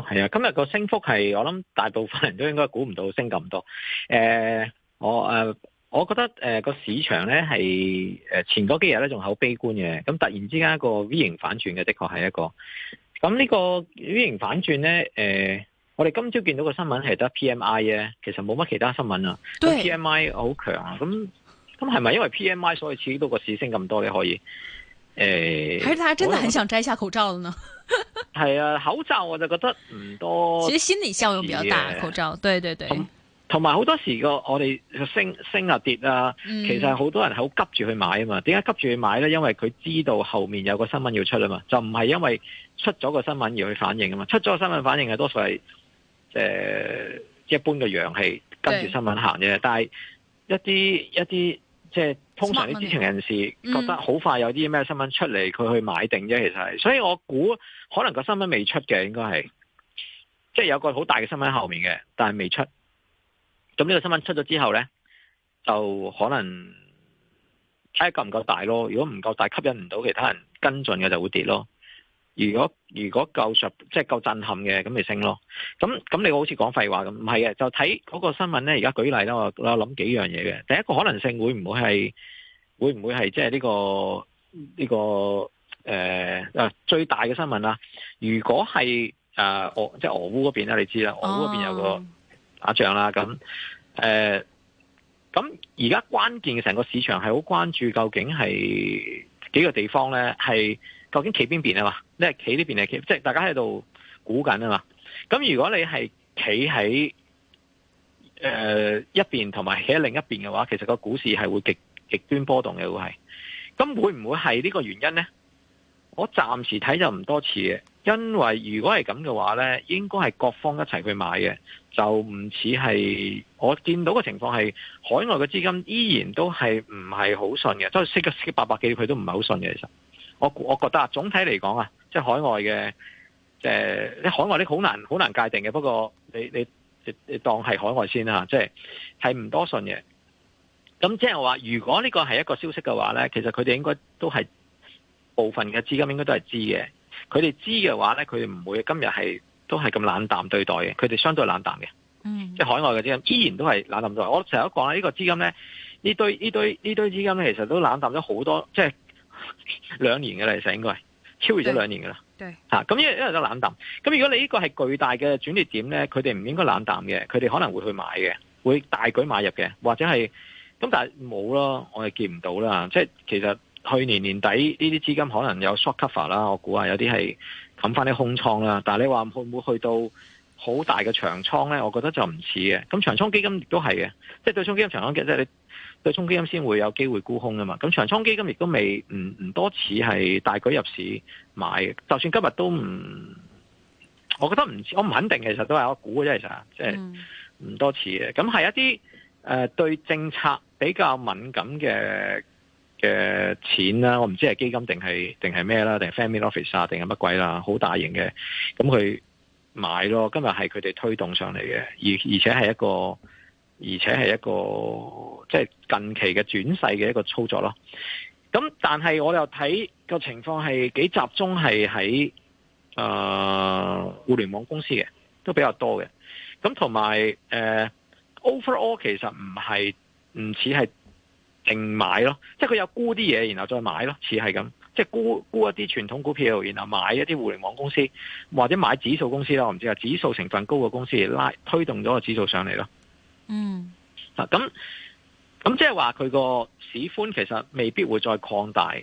係、哦、啊，今日個升幅係我諗大部分人都應該估唔到升咁多。誒、呃，我誒、呃，我覺得誒個、呃、市場咧係誒前嗰幾日咧仲好悲觀嘅，咁突然之間個 V 型反轉嘅的確係一個。咁呢個 V 型反轉咧，誒、呃，我哋今朝見到個新聞係得 P M I 啫，其實冇乜其他新聞啊。對。P M I 好強啊，咁咁係咪因為 P M I 所以刺激到個市升咁多咧？你可以？誒，欸、還是他真的很想摘下口罩呢？係 啊，口罩我就覺得唔多。其實心理效用比較大， 口罩，對對對。同埋好多時個我哋升升啊跌啊，嗯、其實好多人係好急住去買啊嘛。點解急住去買呢？因為佢知道後面有個新聞要出啊嘛，就唔係因為出咗個新聞而去反應啊嘛。出咗個新聞反應係多數係誒、呃、一般嘅陽氣跟住新聞行啫，對但係一啲一啲即係。通常啲知情人士覺得好快有啲咩新聞出嚟，佢去買定啫。其實係，所以我估可能個新聞未出嘅，應該係即係有個好大嘅新聞喺後面嘅，但係未出。咁呢個新聞出咗之後呢，就可能睇下夠唔夠大咯。如果唔夠大，吸引唔到其他人跟進嘅，就會跌咯。如果如果夠實，即係夠震撼嘅，咁咪升咯。咁咁你好似講廢話咁，唔係嘅，就睇嗰個新聞咧。而家舉例啦，我我諗幾樣嘢嘅。第一個可能性會唔會係會唔會係即係、這、呢個呢、這個誒、呃啊、最大嘅新聞啦、啊？如果係誒俄即係俄烏嗰邊、啊、你知啦，俄烏嗰邊有個打仗啦。咁咁而家關鍵嘅成個市場係好關注，究竟係幾個地方咧係？究竟企邊邊啊嘛？你係企呢邊定係企？即係大家喺度估緊啊嘛。咁如果你係企喺誒一邊，同埋企喺另一邊嘅話，其實個股市係會極,極端波動嘅，會係。咁會唔會係呢個原因呢？我暫時睇就唔多似嘅，因為如果係咁嘅話呢，應該係各方一齊去買嘅，就唔似係我見到嘅情況係海外嘅資金依然都係唔係好信嘅，即係升咗八百幾佢都唔係好信嘅其實。我我覺得啊，總體嚟講啊，即係海外嘅，誒，啲海外啲好難好難界定嘅。不過你你你你當係海外先啦，即係係唔多信嘅。咁即係話，如果呢個係一個消息嘅話咧，其實佢哋應該都係部分嘅資金應該都係知嘅。佢哋知嘅話咧，佢哋唔會今日係都係咁冷淡對待嘅。佢哋相對冷淡嘅，即係、mm. 海外嘅資金依然都係冷淡對待。我成日都講啦，呢個資金咧，呢堆呢堆呢堆資金咧，其實都冷淡咗好多，即係。兩 年嘅啦，應該係超越咗兩年嘅啦。吓，咁因為因為都冷淡。咁如果你呢個係巨大嘅轉捩點咧，佢哋唔應該冷淡嘅，佢哋可能會去買嘅，會大舉買入嘅，或者係咁，但係冇咯，我哋見唔到啦。即係其實去年年底呢啲資金可能有 short cover 啦，我估啊，有啲係冚翻啲空倉啦。但係你話會唔會去到好大嘅長倉咧？我覺得就唔似嘅。咁長倉基金亦都係嘅，即係對沖基金長倉基金即係你。對沖基金先會有機會沽空啊嘛，咁長倉基金亦都未唔唔多次係大舉入市買，就算今日都唔，我覺得唔，我唔肯定其實都係我估嘅啫，其實即係唔多次嘅。咁係一啲誒、呃、對政策比較敏感嘅嘅錢啦，我唔知係基金定係定係咩啦，定係 family office 啊，定係乜鬼啦，好大型嘅，咁佢買咯。今日係佢哋推動上嚟嘅，而而且係一個。而且係一個即係近期嘅轉勢嘅一個操作咯。咁但係我又睇個情況係幾集中係喺誒互聯網公司嘅，都比較多嘅。咁同埋誒 overall 其實唔係唔似係淨買咯，即係佢有沽啲嘢，然後再買咯，似係咁。即係沽沽一啲傳統股票，然後買一啲互聯網公司，或者買指數公司啦。我唔知啊，指數成分高嘅公司拉推動咗個指數上嚟咯。嗯，嗱咁咁即係話佢個市寬其實未必會再擴大，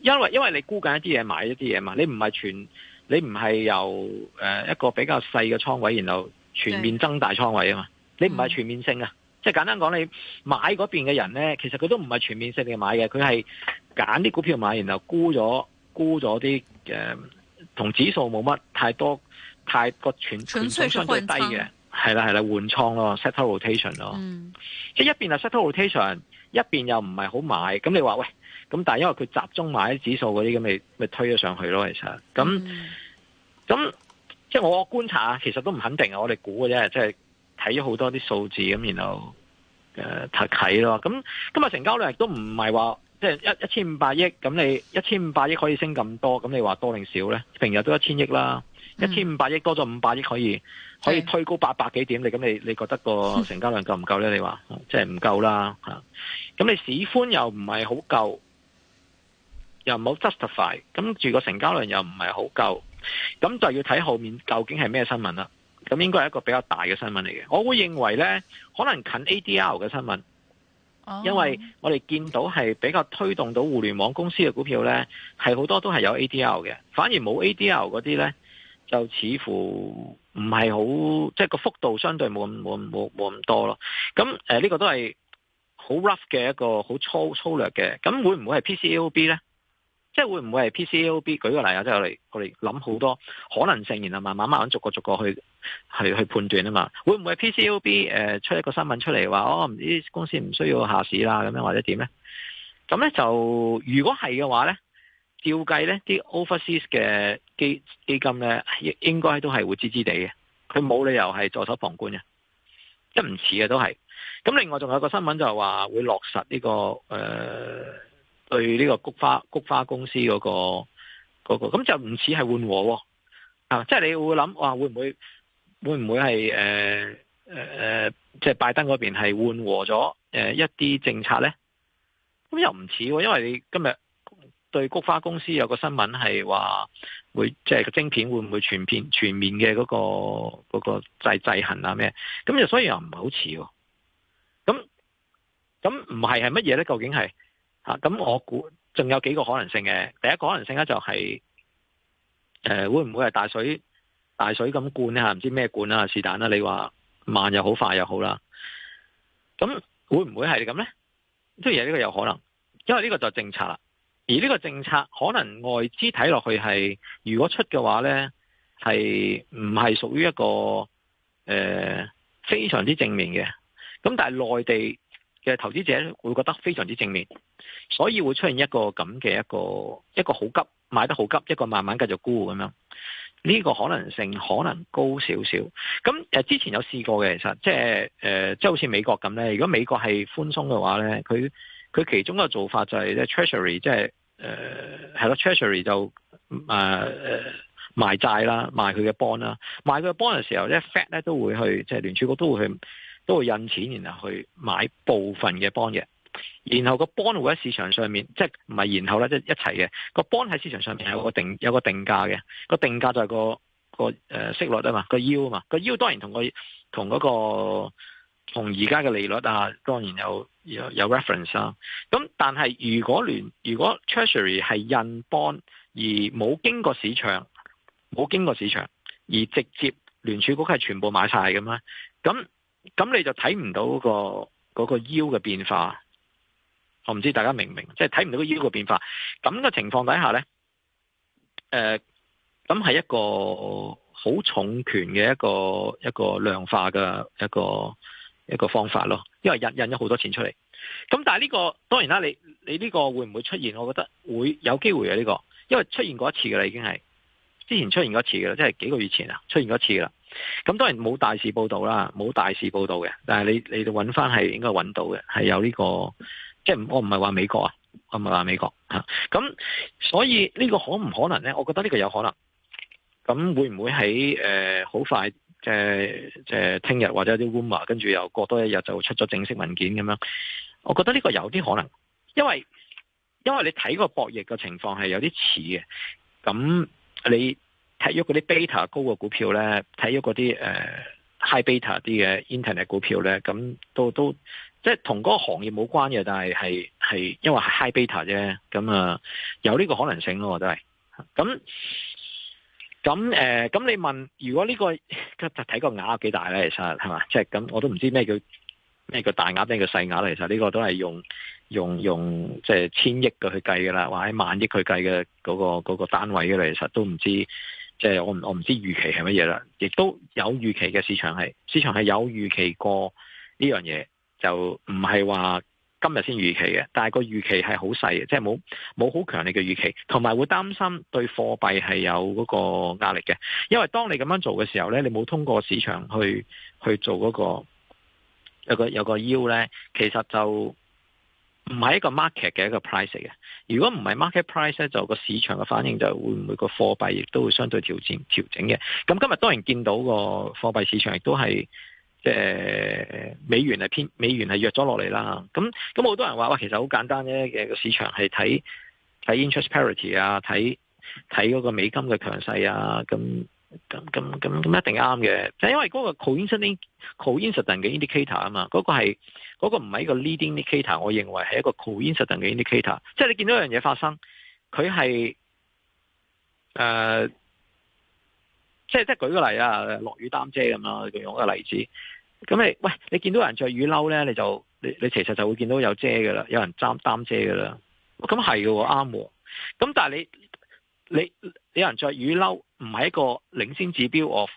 因為因為你沽緊一啲嘢買一啲嘢嘛，你唔係全你唔係由誒、呃、一個比較細嘅倉位，然後全面增大倉位啊嘛，對你唔係全面性啊，嗯、即係簡單講，你買嗰邊嘅人咧，其實佢都唔係全面性嘅買嘅，佢係揀啲股票買，然後沽咗沽咗啲誒同指數冇乜太多太個全，全，全，全純粹是低嘅。係啦係啦，換倉咯，settle rotation 咯、嗯，即係一邊係 settle rotation，一邊又唔係好買，咁你話喂，咁但係因為佢集中買啲指數嗰啲，咁咪咪推咗上去咯，其實，咁咁、嗯、即係我觀察啊，其實都唔肯定啊，我哋估嘅啫，即係睇咗好多啲數字，咁然後誒睇咯，咁、呃、今日成交量亦都唔係話即係一一千五百億，咁你一千五百億可以升咁多，咁你話多定少咧？平日都一千億啦。嗯一千五百億多咗五百億，可以可以推高八百幾點。的你咁你你覺得個成交量夠唔夠呢？你話即係唔夠啦吓。咁你市寬又唔係好夠，又唔好 justify，咁住個成交量又唔係好夠，咁就要睇後面究竟係咩新聞啦。咁應該係一個比較大嘅新聞嚟嘅。我會認為呢，可能近 ADL 嘅新聞，Oh. 因為我哋見到係比較推動到互聯網公司嘅股票呢，係好多都係有 ADL 嘅，反而冇 ADL 嗰啲呢。就似乎唔係好，即、就、係、是、個幅度相對冇冇冇冇咁多咯。咁誒，呢、呃這個都係好 rough 嘅一個好粗粗略嘅。咁會唔會係 PCLB 咧？即係會唔會係 PCLB？舉個例啊，即係我哋我哋諗好多可能性，然後慢慢慢逐個逐個去去去判斷啊嘛。會唔會係 PCLB 誒、呃、出一個新聞出嚟話哦唔知公司唔需要下市啦咁樣或者點咧？咁咧就如果係嘅話咧？照計呢啲 overseas 嘅基基金呢應該都係會支支地嘅。佢冇理由係袖手旁觀嘅，即係唔似嘅都係。咁另外仲有個新聞就話會落實呢、呢個誒、呃、對呢個菊花菊花公司嗰、嗰個嗰咁、嗰個、就唔似係緩和喎。啊，即係你會諗哇，會唔會會唔會係誒誒即係拜登嗰邊係緩和咗一啲政策呢？咁又唔似喎，因為你今日。對菊花公司有個新聞係話，會即係個晶片，會唔會全片全面嘅嗰個嗰個制制衡啊咩？咁就所以又唔係好似，咁咁唔係係乜嘢咧？究竟係吓？咁我估仲有幾個可能性嘅。第一個可能性咧就係誒，會唔會係大水大水咁灌咧？吓，唔知咩灌啊，是但啦。你話慢又好，快又好啦。咁會唔會係咁咧？雖然呢個有可能，因為呢個就政策啦。而呢個政策可能外資睇落去係，如果出嘅話呢，係唔係屬於一個誒、呃、非常之正面嘅？咁但係內地嘅投資者會覺得非常之正面，所以會出現一個咁嘅一個一個好急買得好急，一個慢慢繼續沽咁樣。呢、這個可能性可能高少少。咁、嗯呃、之前有試過嘅，其實、呃、即係即係好似美國咁呢。如果美國係寬鬆嘅話呢，佢佢其中一個做法就係、咧、Treasury 即係。誒，係咯、呃、，Treasury 就誒誒賣債啦，賣佢嘅 bond 啦，賣佢嘅 bond 嘅時候咧 Fed 咧都會去，即係聯儲局都會去，都會印錢，然後去買部分嘅 bond 嘅，然後個 bond 會喺市場上面，即係唔係然後咧，即係一齊嘅，個 bond 喺市場上面有個定有個定價嘅，個定價就係、個、個誒息率啊嘛，個 U 啊嘛，個 U 當然同、個同嗰、個同而家嘅利率啊，當然有。有 reference 啊。咁但係如果聯如果 Treasury 係印 bond 而冇經過市場，冇經過市場而直接聯儲局係全部買晒咁啊。咁咁你就睇唔到，個嗰，個 yield 嘅變化。我唔知大家明唔明？即係睇唔到個 yield 嘅變化。咁、嗰、嘅、個，情況底下咧，誒咁係一個好重權嘅一個一個量化嘅一個一個方法咯，因為印印咗好多錢出嚟，咁但係呢個當然啦，你你呢個會唔會出現？我覺得會有機會嘅呢個，因為出現過一次嘅啦，已經係之前出現過一次嘅啦，即係幾個月前啊出現過一次啦。咁當然冇大事報導啦，冇大事報導嘅，但係你你就揾翻係應該揾到嘅，係有呢個，即係我唔係話美國啊，我唔係話美國嚇。咁所以呢個可唔可能呢？我覺得呢個有可能。咁會唔會喺誒好快？即係即係聽日或者有啲 rumor 跟住又過多一日就出咗正式文件咁樣，我覺得呢個有啲可能，因為因為你睇個博弈嘅情況係有啲似嘅，咁、嗯、你睇咗嗰啲 beta 高嘅股票咧，睇咗嗰啲誒 high beta 啲嘅 internet 股票咧，咁、嗯、都都即係同嗰個行業冇關嘅，但係係係因為係 high beta 啫，咁、嗯、啊、嗯、有呢個可能性咯，都係咁。嗯咁誒，咁、呃、你問，如果、呢個、個呢個睇個額幾大咧？其實係嘛，即係咁，我都唔知咩叫咩叫大額，咩叫細額咧。其實呢個都係用用用即係千億嘅去計㗎啦，或者萬億去計嘅嗰、嗰個嗰、嗰個、單位嘅，其實都唔知，即、就、係、係、我唔我唔知預期係乜嘢啦。亦都有預期嘅市場係，市場係有預期過呢樣嘢，就唔係話。今日先預期嘅，但係個預期係好細嘅，即係冇冇好強烈嘅預期，同埋會擔心對貨幣係有嗰個壓力嘅，因為當你咁樣做嘅時候呢，你冇通過市場去去做嗰個有個有個 U 呢，其實就唔係一個 market 嘅一個 price 嘅。如果唔係 market price 呢，就個市場嘅反應就會唔會個貨幣亦都會相對調整調整嘅。咁今日當然見到個貨幣市場亦都係。呃美元係偏美元係弱咗落嚟啦。咁咁好多人話哇其實好簡單啫嘅個市場係睇睇 interest parity, 睇、啊、睇嗰個美金嘅強勢啊。咁咁咁咁咁一定啱嘅。就係、是、因為嗰個 coincident, coincident 嘅 indicator, 咁嗰、嗰個係嗰、嗰個唔係一個 leading indicator, 我認為係一個 coincident 嘅 indicator。即係你見到一樣嘢發生佢係呃即係即係舉個例啊，落雨擔遮咁啦。用一個例子。咁你喂，你見到有人着雨褸咧，你就你你其實就會見到有遮噶啦，有人擔擔遮噶啦。咁係噶，啱。咁但係你你你有人着雨褸，唔係一個領先指標，of 誒、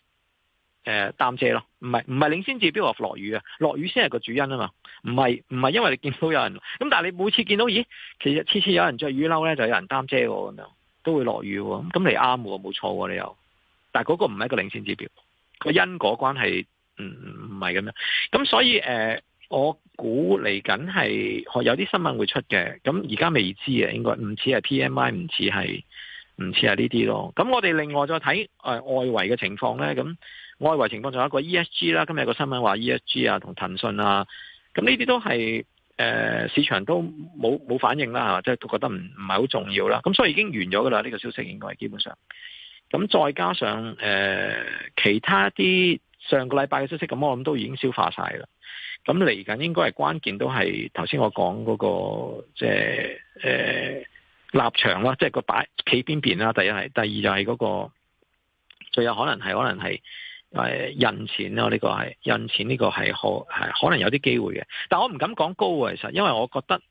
呃、擔遮咯。唔係唔係領先指標，of 落雨啊。落雨先係個主因啊嘛。唔係唔係因為你見到有人，咁但係你每次見到咦，其實次次有人着雨褸咧，就有人擔遮喎，咁樣都會落雨喎。咁你啱喎，冇錯喎，你又。但嗰個唔係一個領先指標，個因果關係唔唔係咁樣。咁所以誒、呃，我估嚟緊係有啲新聞會出嘅。咁而家未知啊，應該唔似係 P M I，唔似係唔似係呢啲咯。咁我哋另外再睇誒、呃、外圍嘅情況咧。咁外圍情況仲有一個 E S G 啦。今日有個新聞話 E S G 啊，同騰訊啊，咁呢啲都係誒、呃、市場都冇冇反應啦嚇，即、就、係、是、覺得唔唔係好重要啦。咁所以已經完咗㗎啦，呢、這個消息應該係基本上。咁再加上誒、呃、其他啲上個禮拜嘅消息咁，我諗都已經消化晒啦。咁嚟緊應該係關鍵都，都係頭先我講嗰、嗰個即係誒立場啦，即係個擺企邊邊啦。第一係，第二就係嗰、嗰個，最有可能係可能係誒、呃、印錢咯。呢、呢個係印錢，呢個係可係可能有啲機會嘅。但我唔敢講高喎，其實因為我覺得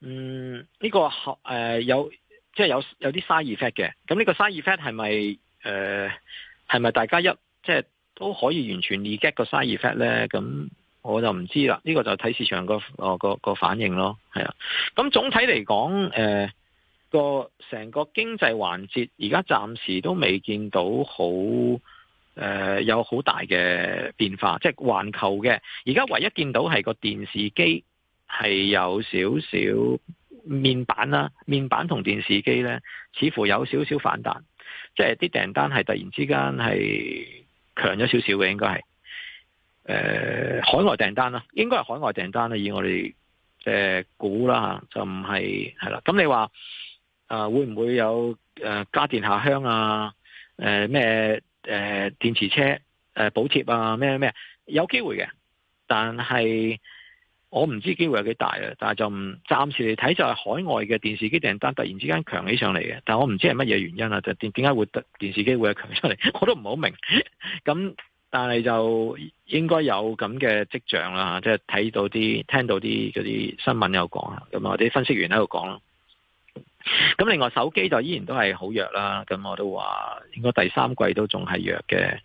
嗯呢、呢個合、呃、有。即係有有啲 side effect 嘅，咁呢個 side effect 係咪誒係咪大家一即係都可以完全預計個 side effect 咧？咁我就唔知啦，呢、這個就睇市場、哦、個個反應咯，係啊。咁總體嚟講，誒、呃、個成個經濟環節而家暫時都未見到好誒、呃、有好大嘅變化，即、就、係、是、環球嘅。而家唯一見到係個電視機係有少少。面板啦、啊，面板同電視機呢似乎有少少反彈，即係啲訂單係突然之間係強咗少少嘅，應該係、呃，海外訂單啦、啊，應該係海外訂單啦、啊，以我哋誒、呃、估啦就唔係係啦。咁你話、呃、會唔會有誒、呃、家電下鄉啊？誒咩誒電池車誒補、呃、貼啊？咩咩有機會嘅，但係。我唔知機會有幾大啊，但係就暫時嚟睇就係海外嘅電視機訂單突然之間強起上嚟嘅，但我唔知係乜嘢原因啊？就點解會電視機會強出嚟？我都唔好明。咁 但係就應該有咁嘅跡象啦，即係睇到啲聽到啲嗰啲新聞有講啊，咁啊我哋分析員喺度講啦。咁另外手機就依然都係好弱啦。咁我都話應該第三季都仲係弱嘅。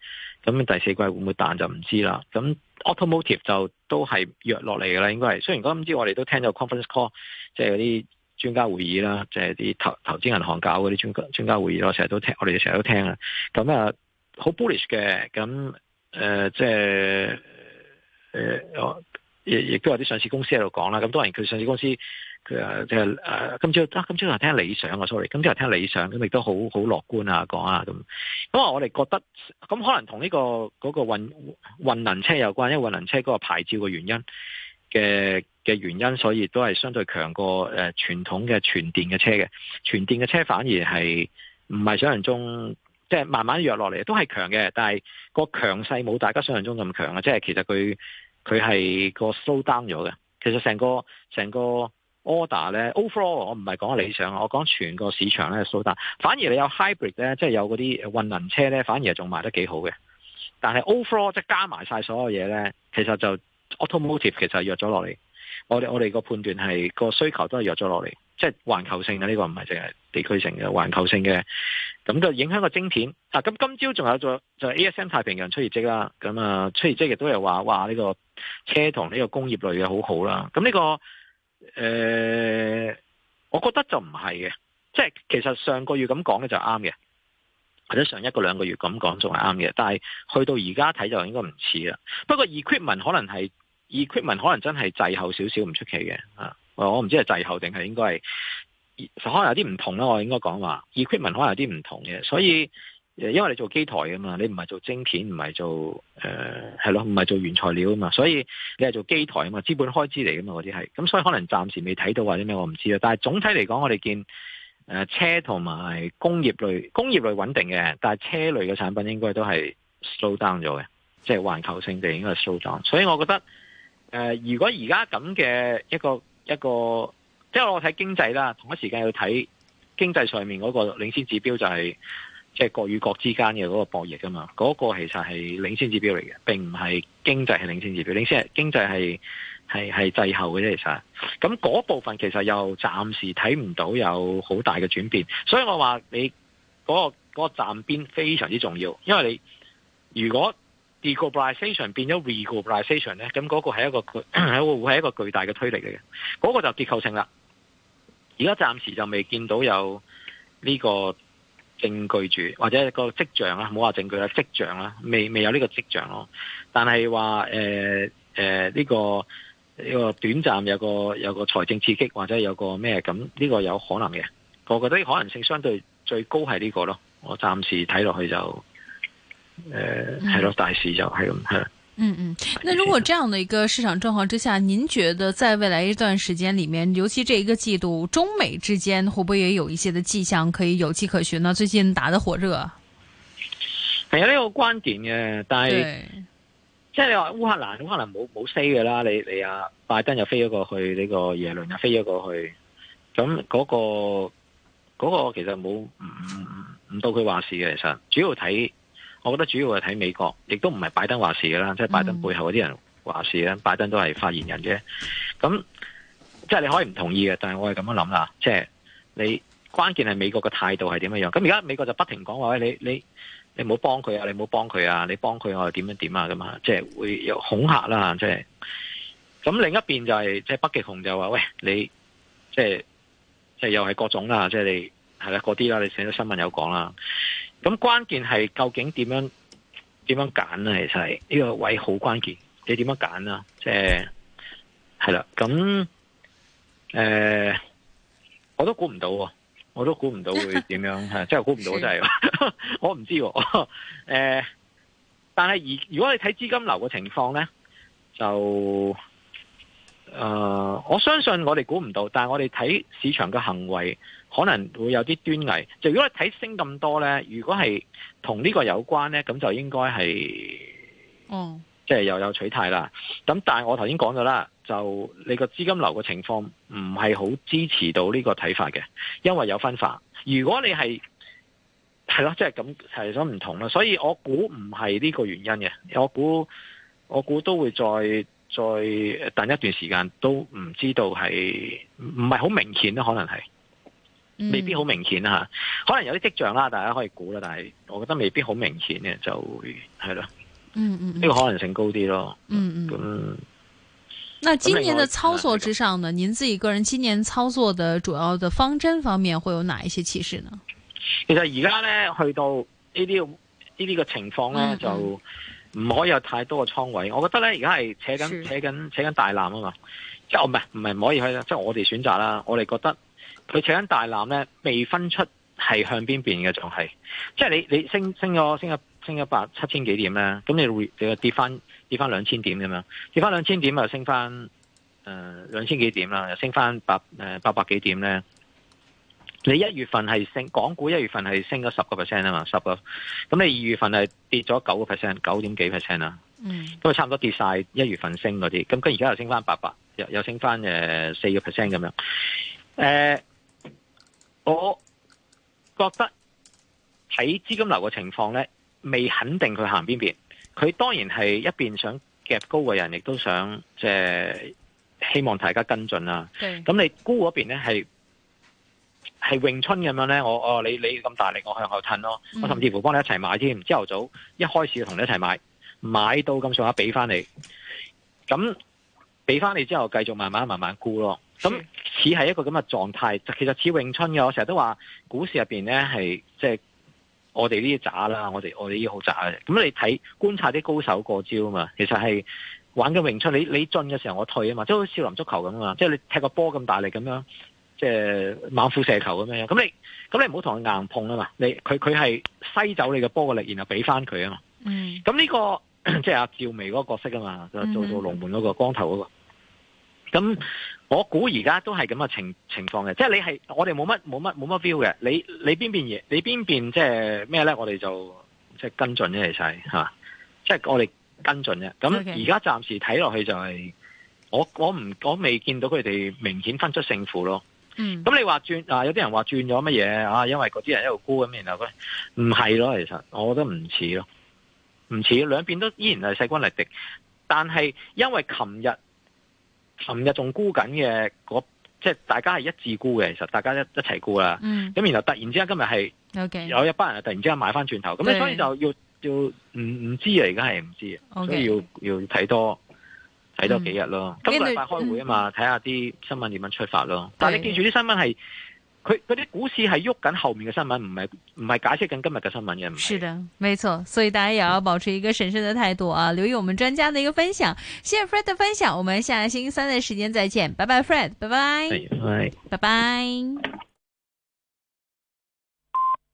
咁第四季會唔會彈就唔知啦。咁 automotive 就都係弱落嚟嘅啦。應該係，雖然今朝我哋都聽咗 conference call，即係啲專家會議啦，即係啲投投資銀行搞嗰啲專專家會議，我成日都聽，我哋成日都聽啊。咁啊，好 bullish 嘅。咁誒，即係誒我。亦亦都有啲上市公司喺度講啦，咁當然佢上市公司佢、就是呃、啊即係誒今朝啊今朝又聽理想啊，Sorry，今朝又聽理想咁亦都好好樂觀啊講啊咁，咁我哋覺得咁可能同呢、這個嗰、那個混能車有關，因為混能車嗰個牌照嘅原因嘅嘅原因，所以都係相對強過誒、呃、傳統嘅全電嘅車嘅，全電嘅車,車反而係唔係想像中即係、就是、慢慢弱落嚟，都係強嘅，但係個強勢冇大家想像中咁強啊，即、就、係、是、其實佢。佢係個 slow down 咗嘅，其實成個成個 order 呢，overall，我唔係講理想，我講全個市場呢 slow down，反而你有 hybrid 呢，即係有嗰啲混能車呢，反而仲賣得幾好嘅。但係 overall 即係加埋晒所有嘢呢，其實就 automotive 其實弱咗落嚟。我哋我哋個判斷係、這個需求都係弱咗落嚟。即係環球性嘅，呢、這個唔係淨係地區性嘅，環球性嘅咁就影響個晶片。嗱、啊、咁今朝仲有咗，就是、ASM 太平洋出業績啦，咁啊出業績亦都有話，哇呢、這個車同呢個工業類嘅好好啦。咁呢、這個誒、呃，我覺得就唔係嘅，即係其實上個月咁講咧就啱嘅，或者上一個兩個月咁講仲係啱嘅，但係去到而家睇就應該唔似啦。不過 equipment 可能係 equipment 可能真係滯後少少唔出奇嘅啊。我唔知係滯後定係應該係，可能有啲唔同啦。我應該講話 equipment 可能有啲唔同嘅，所以因為你做機台㗎嘛，你唔係做晶片，唔係做誒係咯，唔、呃、係做原材料啊嘛，所以你係做機台啊嘛，資本開支嚟噶嘛，嗰啲係，咁所以可能暫時未睇到或者咩，我唔知啊。但係總體嚟講，我哋見誒車同埋工業類工業類穩定嘅，但係車類嘅產品應該都係 slow down 咗嘅，即係環球性地應該係 slow down。所以我覺得誒、呃，如果而家咁嘅一個。一個，即係我睇經濟啦，同一時間要睇經濟上面嗰個領先指標，就係，就係即係國與國之間嘅嗰個博弈㗎嘛。嗰、嗰個其實係領先指標嚟嘅，並唔係經濟係領先指標，領先係經濟係係係滯後嘅啫。其實，咁、嗰、嗰、個、部分其實又暫時睇唔到有好大嘅轉變，所以我話你嗰、嗰個嗰、嗰個站邊非常之重要，因為你如果。deglobalisation 變咗 reglobalisation 咧，咁嗰個係一個係一會係一個巨大嘅推力嚟嘅，嗰個就結構性啦。而家暫時就未見到有呢個證據住，或者個跡象啦，唔好話證據啦，跡象啦，未未有呢個跡象咯。但係話誒誒呢個呢個短暫有個有個財政刺激，或者有個咩咁呢個有可能嘅。我覺得可能性相對最高係呢個咯。我暫時睇落去就。誒，係咯，大市就係咁吓。會會嗯嗯，那如果這樣的一個市場狀況之下，您覺得在未來一段時間裏面，尤其這一個季度，中美之間會不會也有一些的跡象可以有跡可循呢？最近打得火熱，係啊、嗯，呢個關鍵嘅，但係即係你話烏克蘭烏克蘭冇冇 say 嘅啦，你你阿拜登又飛咗過去，呢個耶倫又飛咗過去，咁嗰個嗰個其實冇唔唔唔到佢話事嘅，其實主要睇。我覺得主要係睇美國，亦都唔係拜登話事㗎啦，即係、嗯、拜登背後嗰啲人話事啦，拜登都係發言人啫。咁即係你可以唔同意嘅，但係我係咁樣諗啦，即係你關鍵係美國嘅態度係點樣樣。咁而家美國就不停講話喂，你你你唔好幫佢啊，你唔好幫佢啊，你幫佢我又點樣點啊，咁啊，即係會有恐嚇啦，即係。咁另一邊就係即係北極熊就話喂，你即係即係又係各種啦，即係你係啦嗰啲啦，你睇咗新聞有講啦。咁關鍵係究竟點樣點樣揀咧？其實係呢個位好關鍵，你點樣揀啦？即係係啦，咁誒、呃，我都估唔到，我都估唔到會點樣，即係係估唔到真、就、係、係， 我唔知。誒、呃，但係而如果你睇資金流嘅情況咧，就誒、呃，我相信我哋估唔到，但係我哋睇市場嘅行為。可能會有啲端倪，就如果你睇升咁多呢，如果係同呢個有關呢，咁就應該係，即係、嗯、又有取態啦。咁但係我頭先講咗啦，就你個資金流嘅情況唔係好支持到呢個睇法嘅，因為有分化。如果你係係咯，即係咁係所唔同啦。所以我估唔係呢個原因嘅，我估我估都會再再等一段時間，都唔知道係唔係好明顯咧，可能係。嗯、未必好明顯啊，可能有啲跡象啦，大家可以估啦，但係我覺得未必好明顯嘅，就係咯、嗯，嗯嗯，呢個可能性高啲咯，嗯嗯。嗯嗯那，那今年嘅操作之上呢？啊、您自己個人今年的操作嘅主要嘅方針方面會有哪一些啟示呢？其實而家咧，去到呢啲呢啲個情況咧，就唔可以有太多個倉位。嗯、我覺得咧，而家係扯緊是扯緊扯緊大纜啊嘛，即係我唔係唔係唔可以去，即係我哋選擇啦，我哋覺得。佢扯緊大浪咧，未分出係向邊邊嘅，仲係，即係你你升升咗升一升一百七千幾點咧，咁你你又跌翻跌翻兩千點咁樣，跌翻兩千點又升翻誒兩千幾點啦，又升翻百誒八百幾點咧。你一月份係升港股一月份係升咗十個 percent 啊嘛，十個，咁你二月份係跌咗九個 percent，九點幾 percent 啦，嗯，都係差唔多跌晒。一月份升嗰啲，咁跟而家又升翻八百，又又升翻誒四個 percent 咁樣，誒、呃。我覺得睇資金流嘅情況咧，未肯定佢行邊邊。佢當然係一邊想夾高嘅人，亦都想即係、呃、希望大家跟進啦、啊。咁是你沽嗰邊咧係係詠春咁樣咧，我、哦、你你咁大力，我向後褪咯。我甚至乎幫你一齊買添，朝頭早一開始同你一齊買，買到咁上下俾翻你。咁俾翻你之後，繼續慢慢慢慢沽咯。咁。似係一個咁嘅狀態，其實似詠春嘅。我成日都話，股市入邊咧係即係我哋呢啲渣啦，我哋我哋呢啲好渣嘅。咁你睇觀察啲高手過招啊嘛，其實係玩緊詠春。你你進嘅時候我退啊嘛，即係好似少林足球咁啊嘛，即係你踢個波咁大力咁樣，即係猛虎射球咁樣。咁你咁你唔好同佢硬碰啊嘛。你佢佢係吸走你嘅波嘅力，然後俾翻佢啊嘛。咁呢個，嗯，即係阿趙薇嗰個角色啊嘛，做到龍門嗰個，嗯，光頭嗰個。咁我估而家都係咁嘅情情況嘅，即係你係我哋冇乜冇乜冇乜 feel 嘅。你你邊邊嘢，你邊邊即係咩咧？我哋就即係跟進咗嚟吓，即係，啊，我哋跟進啫。咁而家暫時睇落去就係我我唔我未見到佢哋明顯分出勝負咯。嗯。咁你話轉啊？有啲人話轉咗乜嘢啊？因為嗰啲人一路沽咁，然後佢唔係咯，其實我覺得唔似咯，唔似兩邊都依然係勢均力敵，但係因為琴日。琴日仲沽緊嘅，嗰即係大家係一致沽嘅，其實大家一一齊沽啦。咁、嗯、然後突然之間今日係 Okay, 有一班人突然之間買翻轉頭，咁對所以就要要唔唔知啊，而家係唔知，okay, 所以要要睇多睇多幾日咯。嗯、今個禮拜開會啊嘛，睇下啲新聞點樣出發咯。對但係你記住啲新聞係。佢嗰啲股市係喐緊後面嘅新聞，唔係唔係解釋緊今日嘅新聞嘅。是，是的，沒錯，所以大家也要保持一個謹慎的態度啊！留意我們專家嘅一個分享。謝謝 Fred 嘅分享，我們下星期三嘅時間再見，拜拜，Fred，拜拜，拜拜。拜拜。